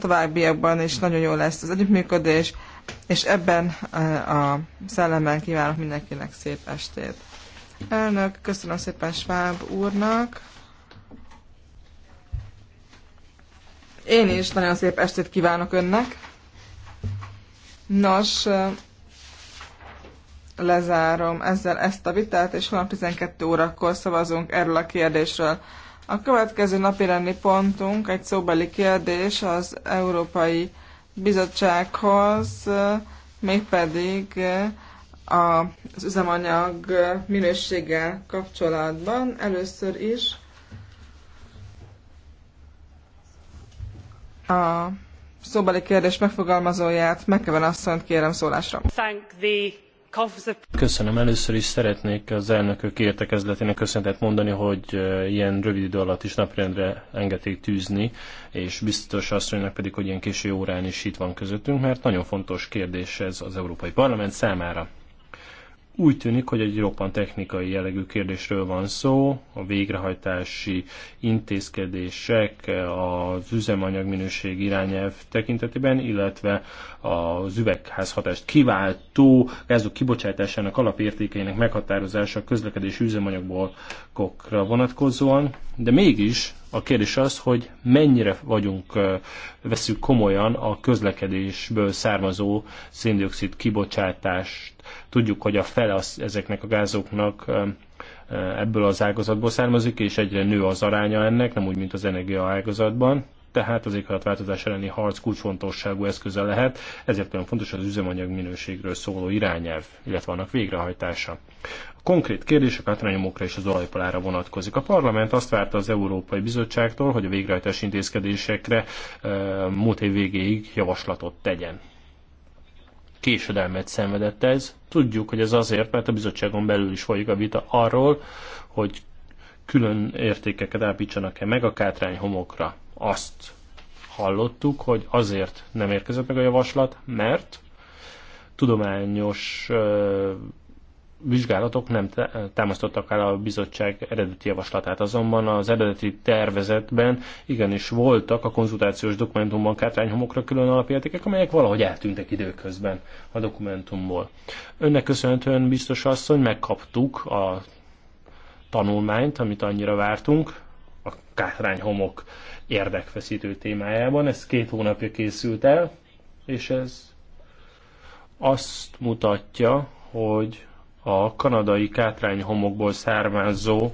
továbbiakban is nagyon jó lesz az együttműködés, és ebben eh, a szellemben kívánok mindenkinek szép estét. Elnök, köszönöm szépen Schwab úrnak. Én is nagyon szép estét kívánok önnek. Nos, eh, lezárom ezzel ezt a vitát, és holnap 12 órakor szavazunk erről a kérdésről. A következő napirendi pontunk egy szóbeli kérdés az Európai Bizottsághoz, mégpedig az üzemanyag minőséggel kapcsolatban. Először is a szóbeli kérdés megfogalmazóját, Megkeven asszonyt kérem szólásra. Thank the Köszönöm. Először is szeretnék az elnökök értekezletének köszönetet mondani, hogy ilyen rövid idő alatt is napirendre engedték tűzni, és biztos asszonynak pedig, hogy ilyen késő órán is itt van közöttünk, mert nagyon fontos kérdés ez az Európai Parlament számára. Úgy tűnik, hogy egy roppan technikai jellegű kérdésről van szó, a végrehajtási intézkedések, az üzemanyag minőség irányelv tekintetében, illetve az üvegházhatást kiváltó gázok kibocsátásának alapértékeinek meghatározása a közlekedési üzemanyagokra vonatkozóan, de mégis a kérdés az, hogy mennyire vagyunk, veszük komolyan a közlekedésből származó széndiokszid kibocsátást. Tudjuk, hogy a fele az, ezeknek a gázoknak ebből az ágazatból származik, és egyre nő az aránya ennek, nem úgy, mint az energia ágazatban tehát az éghajlatváltozás elleni harc kulcsfontosságú eszköze lehet, ezért olyan fontos az üzemanyag minőségről szóló irányelv, illetve annak végrehajtása. A konkrét kérdések a átrányomokra és az olajpalára vonatkozik. A parlament azt várta az Európai Bizottságtól, hogy a végrehajtási intézkedésekre e, múlt év végéig javaslatot tegyen. Késedelmet szenvedett ez. Tudjuk, hogy ez azért, mert a bizottságon belül is folyik a vita arról, hogy külön értékeket állítsanak e meg a kátrány homokra azt hallottuk, hogy azért nem érkezett meg a javaslat, mert tudományos vizsgálatok nem támasztottak el a bizottság eredeti javaslatát. Azonban az eredeti tervezetben igenis voltak a konzultációs dokumentumban kártányhomokra külön alapértékek, amelyek valahogy eltűntek időközben a dokumentumból. Önnek köszönhetően biztos asszony megkaptuk a tanulmányt, amit annyira vártunk, a kátrányhomok érdekfeszítő témájában. Ez két hónapja készült el, és ez azt mutatja, hogy a kanadai kátrányhomokból származó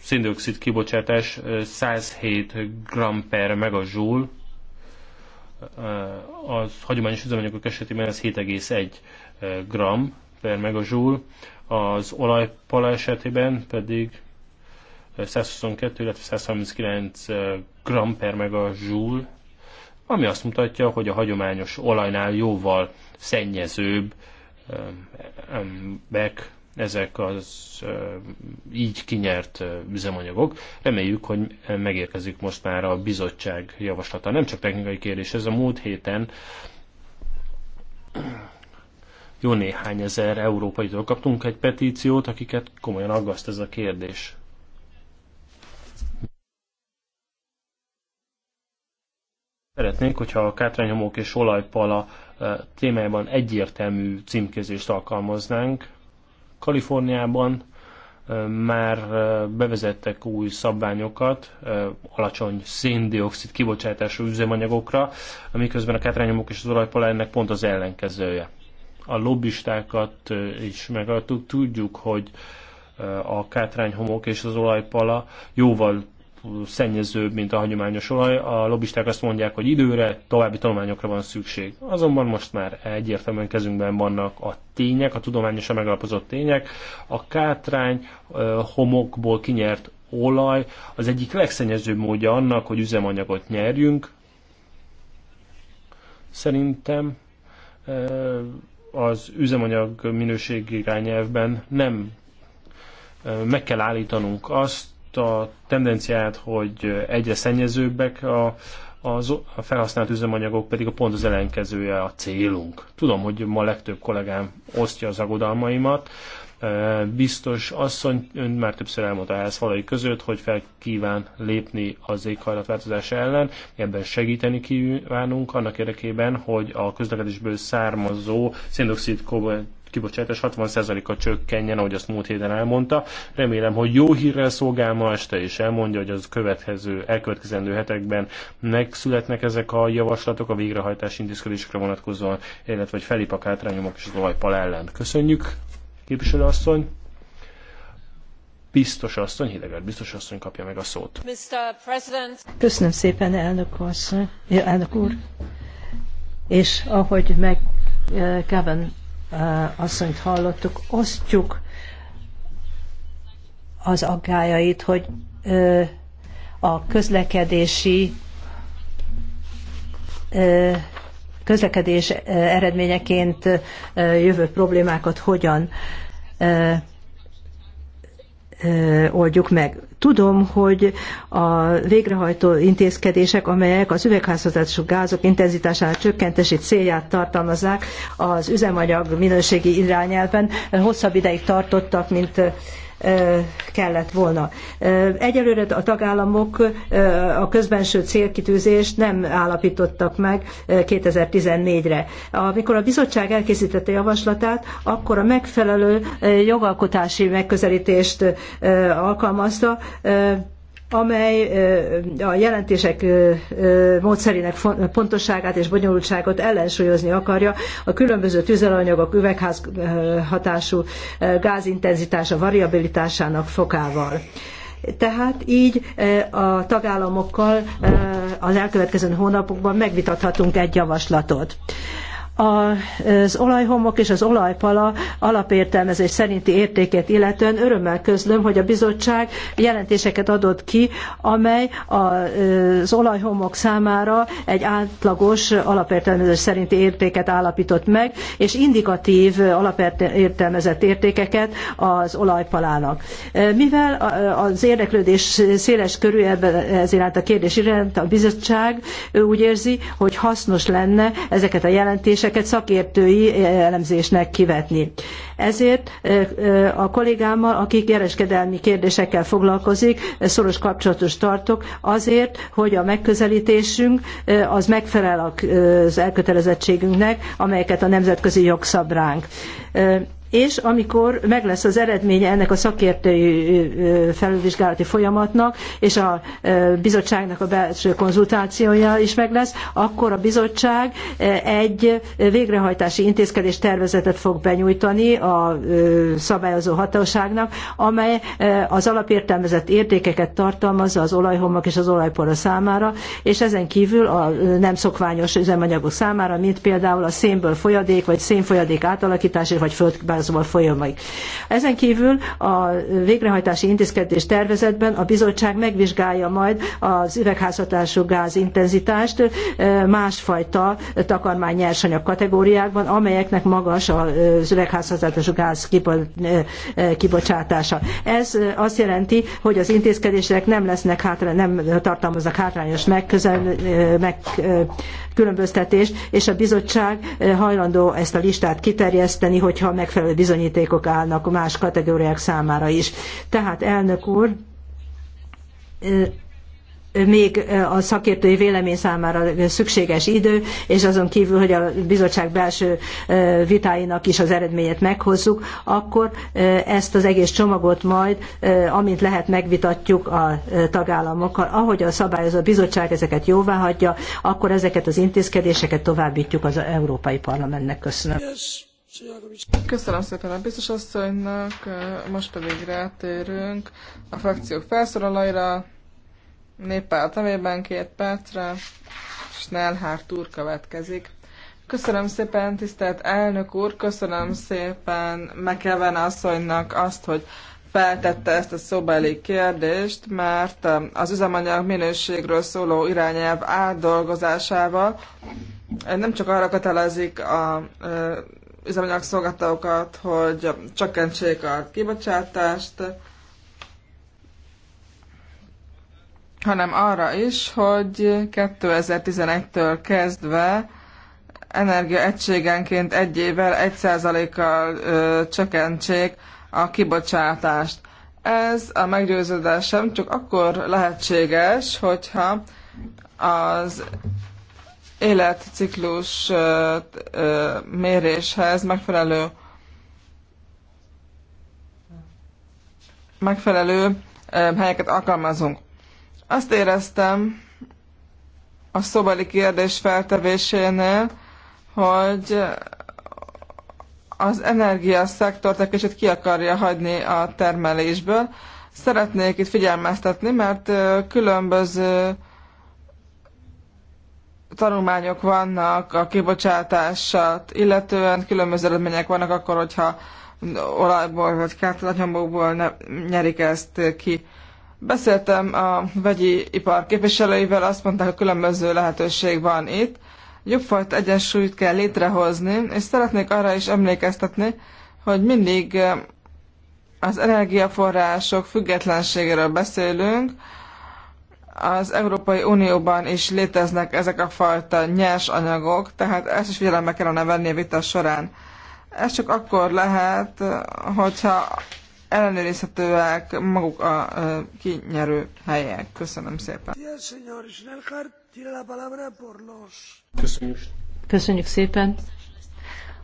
szindioxid kibocsátás 107 g per megazsúl, az hagyományos üzemanyagok esetében ez 7,1 g meg a zsúl, az olajpala esetében pedig 122, eh, illetve 139 eh, g per meg a zsúl, ami azt mutatja, hogy a hagyományos olajnál jóval szennyezőbb eh, bek ezek az így kinyert üzemanyagok. Reméljük, hogy megérkezik most már a bizottság javaslata. Nem csak technikai kérdés, ez a múlt héten jó néhány ezer európaitól kaptunk egy petíciót, akiket komolyan aggaszt ez a kérdés. Szeretnénk, hogyha a kátrányhomok és olajpala témájában egyértelmű címkézést alkalmaznánk. Kaliforniában már bevezettek új szabványokat alacsony széndiokszid kibocsátású üzemanyagokra, miközben a kátrányomok és az olajpala ennek pont az ellenkezője a lobbistákat is megadtuk. Tudjuk, hogy a kátrányhomok és az olajpala jóval szennyezőbb, mint a hagyományos olaj. A lobbisták azt mondják, hogy időre, további tanulmányokra van szükség. Azonban most már egyértelműen kezünkben vannak a tények, a tudományosan megalapozott tények. A kátrány homokból kinyert olaj az egyik legszennyezőbb módja annak, hogy üzemanyagot nyerjünk. Szerintem az üzemanyag minőségi irányelvben nem meg kell állítanunk azt a tendenciát, hogy egyre szennyezőbbek a, az, a felhasznált üzemanyagok pedig a pont az ellenkezője a célunk. Tudom, hogy ma legtöbb kollégám osztja az aggodalmaimat, biztos asszony, ön már többször elmondta ehhez falai között, hogy fel kíván lépni az éghajlatváltozás ellen, ebben segíteni kívánunk annak érdekében, hogy a közlekedésből származó széndiokszid kibocsátás 60%-a csökkenjen, ahogy azt múlt héten elmondta. Remélem, hogy jó hírrel szolgál ma este, és elmondja, hogy az következő, elkövetkezendő hetekben megszületnek ezek a javaslatok a végrehajtási intézkedésekre vonatkozóan, illetve hogy felépek átrányomok és az olajpal ellen. Köszönjük! képviselőasszony. Biztos asszony, Hidegard biztos asszony kapja meg a szót. Köszönöm szépen, elnök, asszony, elnök úr. És ahogy meg eh, Kevin eh, asszonyt hallottuk, osztjuk az aggájait, hogy eh, a közlekedési közlekedés eh, eredményeként eh, jövő problémákat hogyan eh, oldjuk meg. Tudom, hogy a végrehajtó intézkedések, amelyek az üvegházhatású gázok intenzitásának csökkentési célját tartalmazzák az üzemanyag minőségi irányelven, hosszabb ideig tartottak, mint kellett volna. Egyelőre a tagállamok a közbenső célkitűzést nem állapítottak meg 2014-re. Amikor a bizottság elkészítette javaslatát, akkor a megfelelő jogalkotási megközelítést alkalmazta, amely a jelentések módszerének pontosságát és bonyolultságot ellensúlyozni akarja, a különböző tüzelanyagok üvegházhatású gázintenzitása variabilitásának fokával. Tehát így a tagállamokkal az elkövetkező hónapokban megvitathatunk egy javaslatot. Az olajhomok és az olajpala alapértelmezés szerinti értékét illetően örömmel közlöm, hogy a bizottság jelentéseket adott ki, amely az olajhomok számára egy átlagos alapértelmezés szerinti értéket állapított meg, és indikatív alapértelmezett értékeket az olajpalának. Mivel az érdeklődés széles körű ez iránt a kérdés iránt, a bizottság úgy érzi, hogy hasznos lenne ezeket a jelentéseket kérdéseket szakértői eh, elemzésnek kivetni. Ezért eh, eh, a kollégámmal, aki kereskedelmi kérdésekkel foglalkozik, szoros kapcsolatos tartok azért, hogy a megközelítésünk az megfelel az elkötelezettségünknek, amelyeket a nemzetközi jog szab ránk és amikor meg lesz az eredménye ennek a szakértői felülvizsgálati folyamatnak, és a bizottságnak a belső konzultációja is meg lesz, akkor a bizottság egy végrehajtási intézkedés tervezetet fog benyújtani a szabályozó hatóságnak, amely az alapértelmezett értékeket tartalmaz az olajhomok és az olajpora számára, és ezen kívül a nem szokványos üzemanyagok számára, mint például a szénből folyadék, vagy szénfolyadék átalakítása, vagy földben a szóval folyamai. Ezen kívül a végrehajtási intézkedés tervezetben a bizottság megvizsgálja majd az üvegházhatású gáz intenzitást másfajta takarmány nyersanyag kategóriákban, amelyeknek magas az üvegházhatású gáz kibocsátása. Ez azt jelenti, hogy az intézkedések nem lesznek hátra, nem tartalmaznak hátrányos megközel, meg, különböztetést, és a bizottság eh, hajlandó ezt a listát kiterjeszteni, hogyha megfelelő bizonyítékok állnak más kategóriák számára is. Tehát elnök úr, eh, még a szakértői vélemény számára szükséges idő, és azon kívül, hogy a bizottság belső vitáinak is az eredményét meghozzuk, akkor ezt az egész csomagot majd, amint lehet, megvitatjuk a tagállamokkal. Ahogy a szabályozó bizottság ezeket jóvá hagyja, akkor ezeket az intézkedéseket továbbítjuk az Európai Parlamentnek. Köszönöm. Köszönöm szépen a biztos asszonynak, most pedig rátérünk a frakciók felszólalóira. Néppárt nevében két percre Snellhár úr következik. Köszönöm szépen, tisztelt elnök úr, köszönöm szépen Mekeven asszonynak azt, hogy feltette ezt a szóbeli kérdést, mert um, az üzemanyag minőségről szóló irányelv átdolgozásával eh, nem csak arra kötelezik a eh, üzemanyag szolgáltatókat, hogy csökkentsék a kibocsátást, hanem arra is, hogy 2011-től kezdve energiaegységenként egy évvel 1%-kal csökkentsék a kibocsátást. Ez a meggyőződésem csak akkor lehetséges, hogyha az életciklus méréshez megfelelő megfelelő helyeket alkalmazunk. Azt éreztem a szobali kérdés feltevésénél, hogy az energiaszektort egy kicsit ki akarja hagyni a termelésből. Szeretnék itt figyelmeztetni, mert különböző tanulmányok vannak a kibocsátását, illetően különböző eredmények vannak akkor, hogyha olajból vagy kártatlanyomokból nyerik ezt ki. Beszéltem a vegyi ipar képviselőivel, azt mondták, hogy különböző lehetőség van itt. Jobbfajta egyensúlyt kell létrehozni, és szeretnék arra is emlékeztetni, hogy mindig eh, az energiaforrások függetlenségéről beszélünk, az Európai Unióban is léteznek ezek a fajta nyers anyagok, tehát ezt is figyelembe kellene venni a vita során. Ez csak akkor lehet, eh, hogyha ellenőrizhetőek maguk a kinyerő helyek. Köszönöm szépen. Köszönjük. Köszönjük szépen.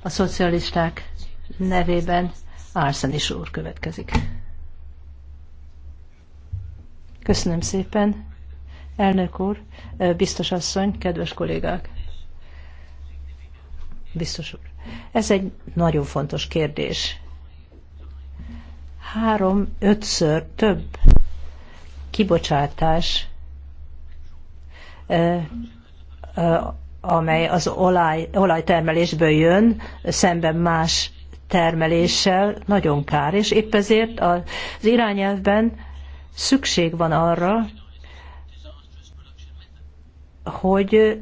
A szocialisták nevében Arsenis úr következik. Köszönöm szépen. Elnök úr, biztos asszony, kedves kollégák. Biztos úr. Ez egy nagyon fontos kérdés három-ötször több kibocsátás, amely az olaj, olajtermelésből jön, szemben más termeléssel nagyon kár, és épp ezért az irányelvben szükség van arra, hogy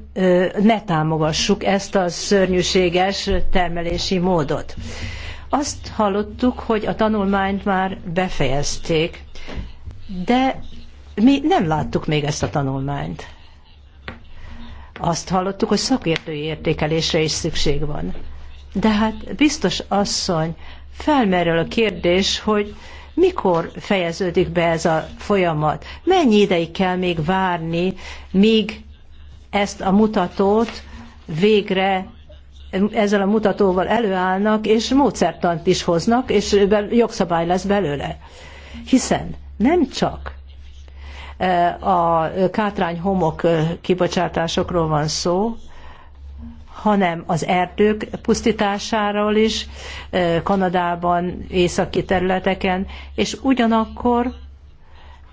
ne támogassuk ezt a szörnyűséges termelési módot. Azt hallottuk, hogy a tanulmányt már befejezték, de mi nem láttuk még ezt a tanulmányt. Azt hallottuk, hogy szakértői értékelésre is szükség van. De hát biztos asszony, felmerül a kérdés, hogy mikor fejeződik be ez a folyamat? Mennyi ideig kell még várni, míg ezt a mutatót végre ezzel a mutatóval előállnak, és módszertant is hoznak, és jogszabály lesz belőle. Hiszen nem csak e, a kátrány homok e, kibocsátásokról van szó, hanem az erdők pusztításáról is, e, Kanadában, északi területeken, és ugyanakkor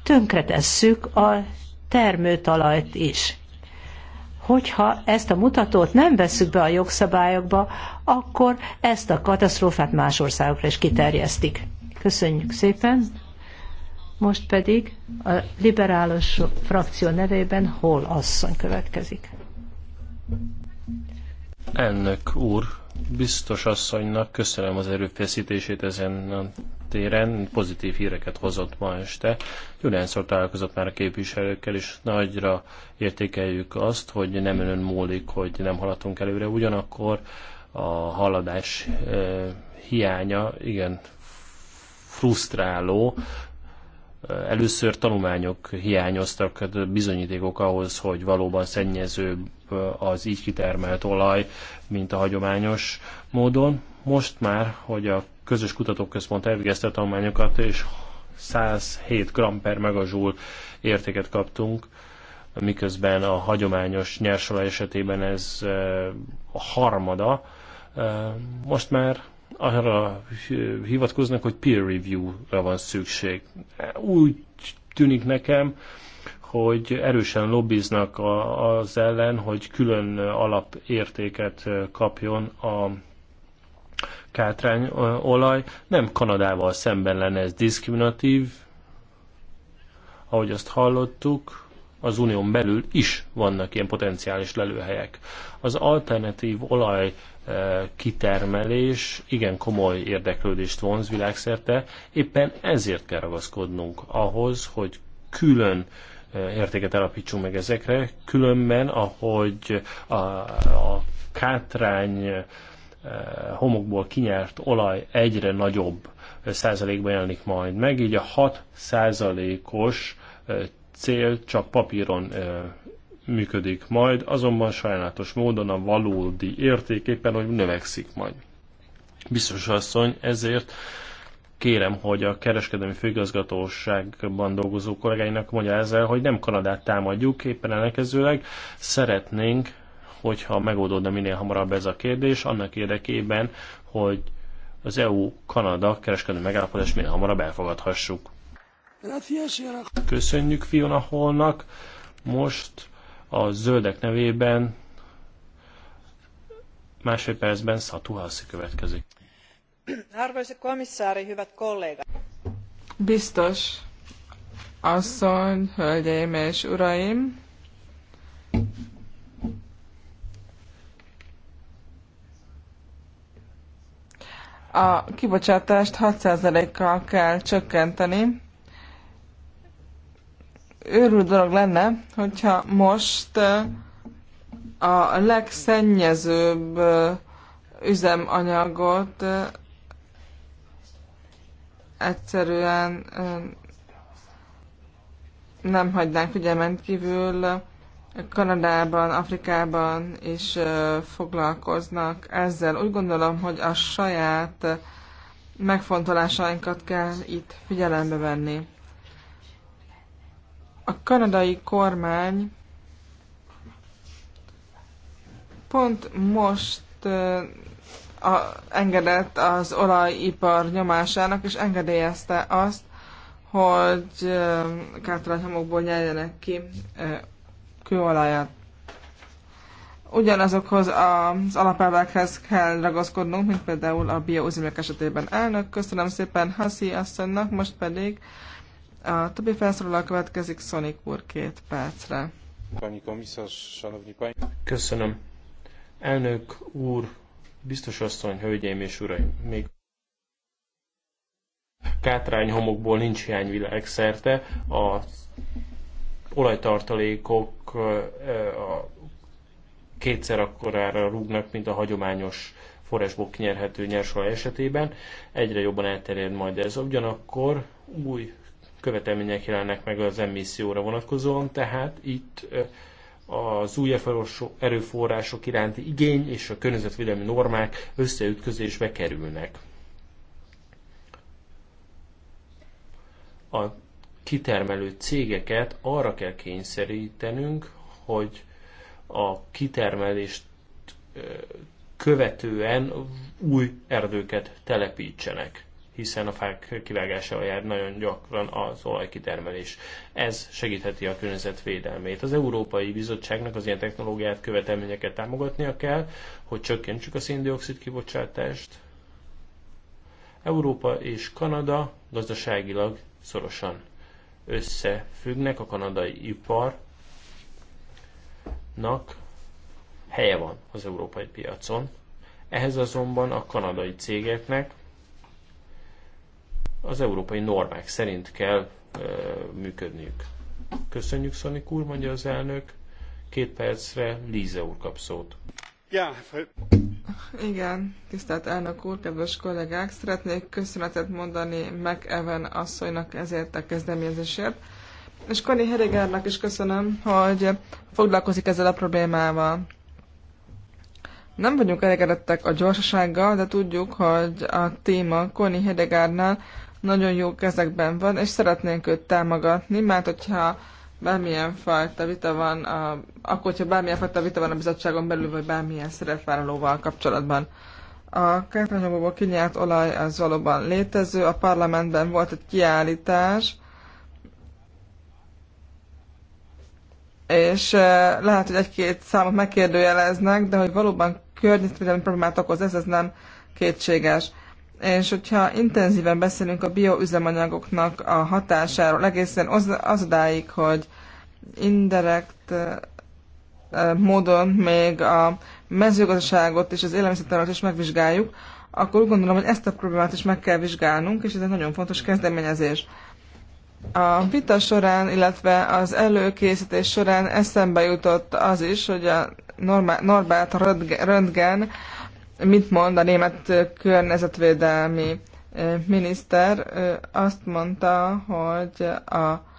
tönkretesszük a termőtalajt is. Hogyha ezt a mutatót nem vesszük be a jogszabályokba, akkor ezt a katasztrófát más országokra is kiterjesztik. Köszönjük szépen! Most pedig a liberális frakció nevében Hol asszony következik. Ennek úr, Biztos asszonynak köszönöm az erőfeszítését ezen a téren. Pozitív híreket hozott ma este. Juránszor találkozott már a képviselőkkel, és nagyra értékeljük azt, hogy nem önön múlik, hogy nem haladtunk előre. Ugyanakkor a haladás hiánya igen frusztráló, először tanulmányok hiányoztak, bizonyítékok ahhoz, hogy valóban szennyezőbb az így kitermelt olaj, mint a hagyományos módon. Most már, hogy a közös kutatóközpont elvégezte tanulmányokat, és 107 g per megazsúl értéket kaptunk, miközben a hagyományos nyersolaj esetében ez eh, a harmada. Eh, most már arra hivatkoznak, hogy peer review-ra van szükség. Úgy tűnik nekem, hogy erősen lobbiznak az ellen, hogy külön alapértéket kapjon a kátrányolaj. Nem Kanadával szemben lenne ez diszkriminatív, ahogy azt hallottuk, az unión belül is vannak ilyen potenciális lelőhelyek. Az alternatív olaj kitermelés igen komoly érdeklődést vonz világszerte, éppen ezért kell ragaszkodnunk ahhoz, hogy külön értéket alapítsunk meg ezekre, különben, ahogy a, a kátrány homokból kinyert olaj egyre nagyobb százalékban jelenik majd meg, így a 6 százalékos cél csak papíron működik majd, azonban sajnálatos módon a valódi érték éppen, hogy növekszik majd. Biztos asszony, ezért kérem, hogy a kereskedelmi főigazgatóságban dolgozó kollégáinak mondja ezzel, hogy nem Kanadát támadjuk, éppen ellenkezőleg szeretnénk, hogyha megoldódna minél hamarabb ez a kérdés, annak érdekében, hogy az EU-Kanada kereskedelmi megállapodást minél hamarabb elfogadhassuk. Köszönjük Fiona Holnak, most a zöldek nevében másfél percben Szatu Halszi következik. Arvoisa komissári, hyvät kollégák! Biztos asszony, hölgyeim és uraim! A kibocsátást 6%-kal kell csökkenteni, őrült dolog lenne, hogyha most a legszennyezőbb üzemanyagot egyszerűen nem hagynánk figyelmen kívül. Kanadában, Afrikában is foglalkoznak ezzel. Úgy gondolom, hogy a saját megfontolásainkat kell itt figyelembe venni. A kanadai kormány pont most a, engedett az olajipar nyomásának, és engedélyezte azt, hogy kártalanhamokból nyeljenek ki kőolajat. Ugyanazokhoz az alapelvekhez kell ragaszkodnunk, mint például a bioüzemek esetében elnök. Köszönöm szépen Haszi asszonynak, most pedig a többi felszólaló következik Sonic úr két percre. Köszönöm. Elnök úr, biztos asszony, hölgyeim és uraim, még kátrány homokból nincs hiány világszerte, a olajtartalékok a kétszer akkorára rúgnak, mint a hagyományos forrásból kinyerhető nyersolaj esetében. Egyre jobban elterjed majd ez. Ugyanakkor új követelmények jelennek meg az emisszióra vonatkozóan, tehát itt az új erőforrások iránti igény és a környezetvédelmi normák összeütközésbe kerülnek. A kitermelő cégeket arra kell kényszerítenünk, hogy a kitermelést követően új erdőket telepítsenek hiszen a fák kivágásával jár nagyon gyakran az olajkitermelés. Ez segítheti a védelmét. Az Európai Bizottságnak az ilyen technológiát, követelményeket támogatnia kell, hogy csökkentsük a széndiokszid kibocsátást. Európa és Kanada gazdaságilag szorosan összefüggnek, a kanadai iparnak helye van az európai piacon. Ehhez azonban a kanadai cégeknek az európai normák szerint kell működniük. Köszönjük, Szanik úr, mondja az elnök. Két percre Líze úr kap szót. Ja. Igen, tisztelt elnök úr, kedves kollégák! Szeretnék köszönetet mondani meg Even asszonynak ezért a kezdeményezésért. És Kani Herigárnak is köszönöm, hogy foglalkozik ezzel a problémával. Nem vagyunk elégedettek a gyorsasággal, de tudjuk, hogy a téma Koni Hedegárnál nagyon jó kezekben van, és szeretnénk őt támogatni, mert hogyha bármilyen fajta vita van, a, akkor, hogyha bármilyen fajta vita van a bizottságon belül, vagy bármilyen szerepvállalóval kapcsolatban. A kertanyagokból kinyert olaj az valóban létező, a parlamentben volt egy kiállítás, és eh, lehet, hogy egy-két számot megkérdőjeleznek, de hogy valóban környezetvédelmi problémát okoz, ez, ez nem kétséges és hogyha intenzíven beszélünk a bioüzemanyagoknak a hatásáról, egészen az, az odáig, hogy indirekt módon még a mezőgazdaságot és az élelmiszertárat is megvizsgáljuk, akkor úgy gondolom, hogy ezt a problémát is meg kell vizsgálnunk, és ez egy nagyon fontos kezdeményezés. A vita során, illetve az előkészítés során eszembe jutott az is, hogy a Norbert Röntgen mit mond a német környezetvédelmi miniszter? Azt mondta, hogy a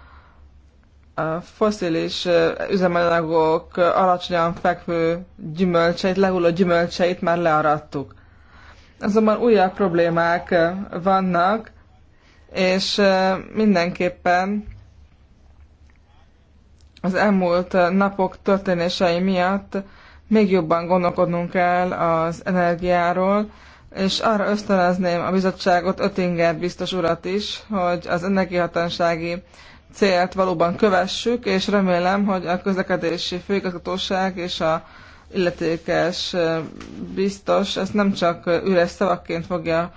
a foszilis üzemanyagok alacsonyan fekvő gyümölcseit, lehulló gyümölcseit már learadtuk. Azonban újabb problémák vannak, és mindenképpen az elmúlt napok történései miatt még jobban gondolkodnunk kell az energiáról, és arra ösztönözném a bizottságot, Ötinger biztos urat is, hogy az energiahatansági célt valóban kövessük, és remélem, hogy a közlekedési főigazgatóság és a illetékes biztos ezt nem csak üres szavakként fogja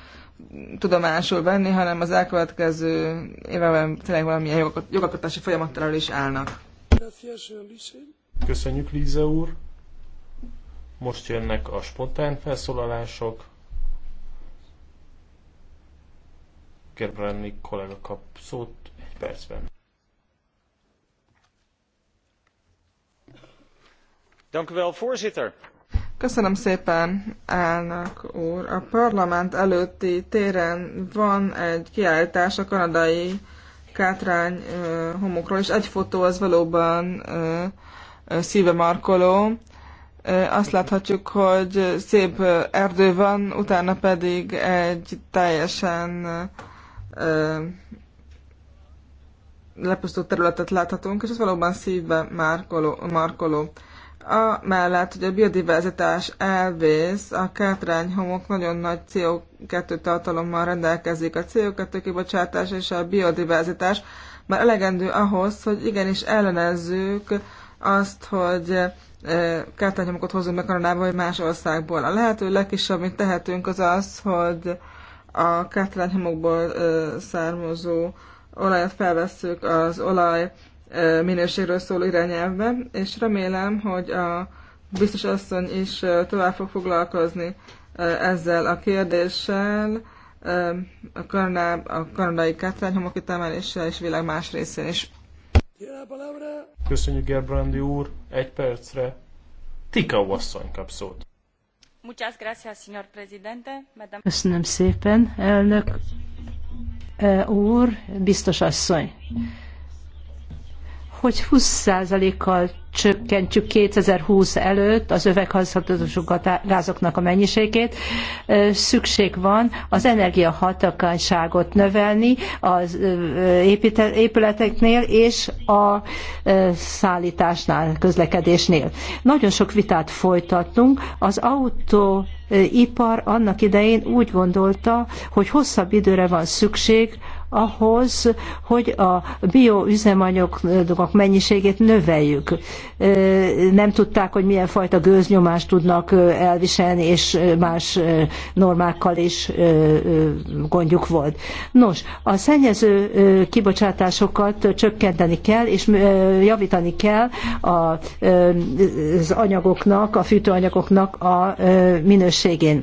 tudomásul venni, hanem az elkövetkező években tényleg valamilyen jogalkotási folyamattal is állnak. Köszönjük, Líze úr! Most jönnek a spontán felszólalások. Gerbrandi kollega kap szót egy percben. Köszönöm szépen, elnök úr. A parlament előtti téren van egy kiállítás a kanadai kátrány homokról, és egy fotó az valóban szívemarkoló azt láthatjuk, hogy szép erdő van, utána pedig egy teljesen lepusztult területet láthatunk, és ez valóban szívbe márkoló, markoló. A mellett, hogy a biodiverzitás elvész, a kátrányhomok nagyon nagy CO2 tartalommal rendelkezik. A CO2 kibocsátás és a biodiverzitás már elegendő ahhoz, hogy igenis ellenezzük azt, hogy kártányomokat hozunk meg Kanadába vagy más országból. A lehető legkisebb, amit tehetünk, az az, hogy a kártányomokból származó olajat felvesszük az olaj minőségről szóló irányelvbe, és remélem, hogy a biztos asszony is tovább fog foglalkozni ezzel a kérdéssel a, kanadá, a kanadai kártányomok ütemeléssel és világ más részén is. Köszönjük Gerbrandi úr, egy percre. Tika asszony kap szót. Köszönöm szépen, elnök eh, úr, biztos asszony hogy 20%-kal csökkentjük 2020 előtt az öveghasználatos gázoknak a mennyiségét. Szükség van az energiahatakányságot növelni az épületeknél és a szállításnál, közlekedésnél. Nagyon sok vitát folytattunk. Az autóipar annak idején úgy gondolta, hogy hosszabb időre van szükség, ahhoz, hogy a bioüzemanyagok mennyiségét növeljük. Nem tudták, hogy milyen fajta gőznyomást tudnak elviselni, és más normákkal is gondjuk volt. Nos, a szennyező kibocsátásokat csökkenteni kell, és javítani kell az anyagoknak, a fűtőanyagoknak a minőségén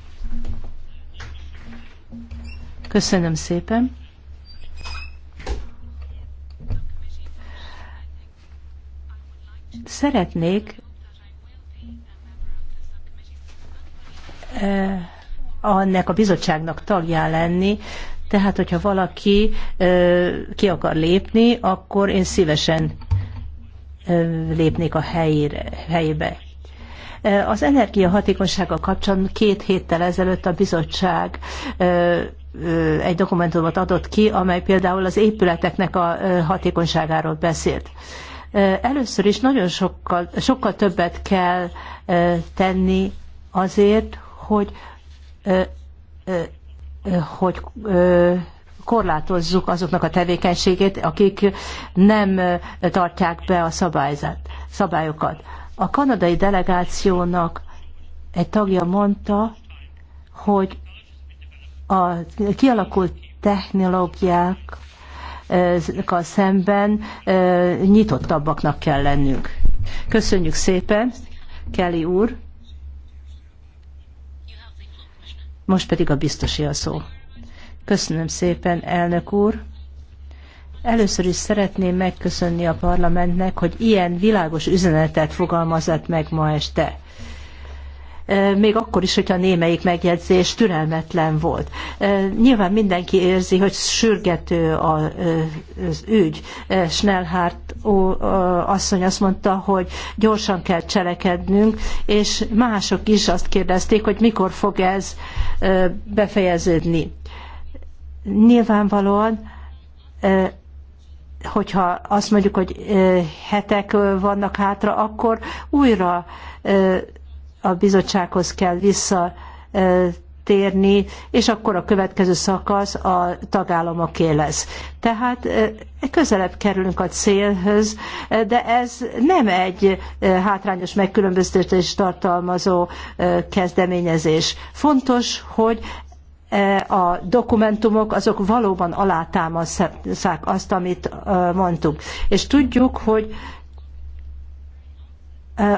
Köszönöm szépen. Szeretnék eh, annak a bizottságnak tagjá lenni, tehát hogyha valaki eh, ki akar lépni, akkor én szívesen eh, lépnék a helyére, helyébe. Az energiahatékonysággal kapcsolatban két héttel ezelőtt a bizottság egy dokumentumot adott ki, amely például az épületeknek a hatékonyságáról beszélt. Először is nagyon sokkal, sokkal többet kell tenni azért, hogy hogy korlátozzuk azoknak a tevékenységét, akik nem tartják be a szabályzat, szabályokat. A kanadai delegációnak egy tagja mondta, hogy a kialakult technológiákkal szemben nyitottabbaknak kell lennünk. Köszönjük szépen, Kelly úr. Most pedig a biztosi a szó. Köszönöm szépen, elnök úr. Először is szeretném megköszönni a parlamentnek, hogy ilyen világos üzenetet fogalmazott meg ma este még akkor is, hogyha némelyik megjegyzés türelmetlen volt. Nyilván mindenki érzi, hogy sürgető az ügy. Schnellhardt asszony azt mondta, hogy gyorsan kell cselekednünk, és mások is azt kérdezték, hogy mikor fog ez befejeződni. Nyilvánvalóan hogyha azt mondjuk, hogy hetek vannak hátra, akkor újra a bizottsághoz kell visszatérni, és akkor a következő szakasz a tagállamoké lesz. Tehát közelebb kerülünk a célhöz, de ez nem egy hátrányos megkülönböztetést tartalmazó kezdeményezés. Fontos, hogy a dokumentumok azok valóban alátámasztják azt, amit mondtuk. És tudjuk, hogy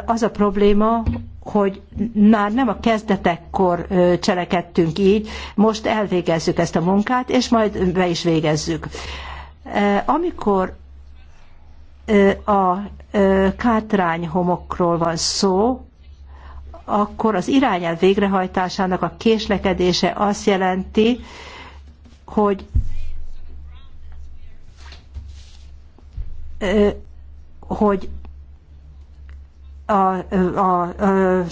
az a probléma, hogy már nem a kezdetekkor cselekedtünk így, most elvégezzük ezt a munkát, és majd be is végezzük. Amikor a kátrány homokról van szó, akkor az irányelv végrehajtásának a késlekedése azt jelenti, hogy hogy a, a, a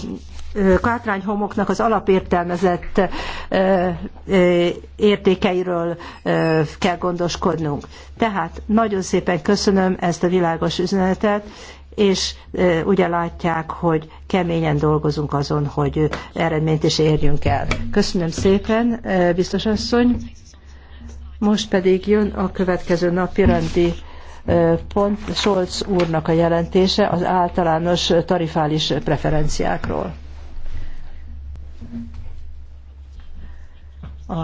kátrányhomoknak az alapértelmezett értékeiről kell gondoskodnunk. Tehát nagyon szépen köszönöm ezt a világos üzenetet, és ugye látják, hogy keményen dolgozunk azon, hogy eredményt is érjünk el. Köszönöm szépen, biztos asszony. Most pedig jön a következő napi rendi pont Scholz úrnak a jelentése az általános tarifális preferenciákról.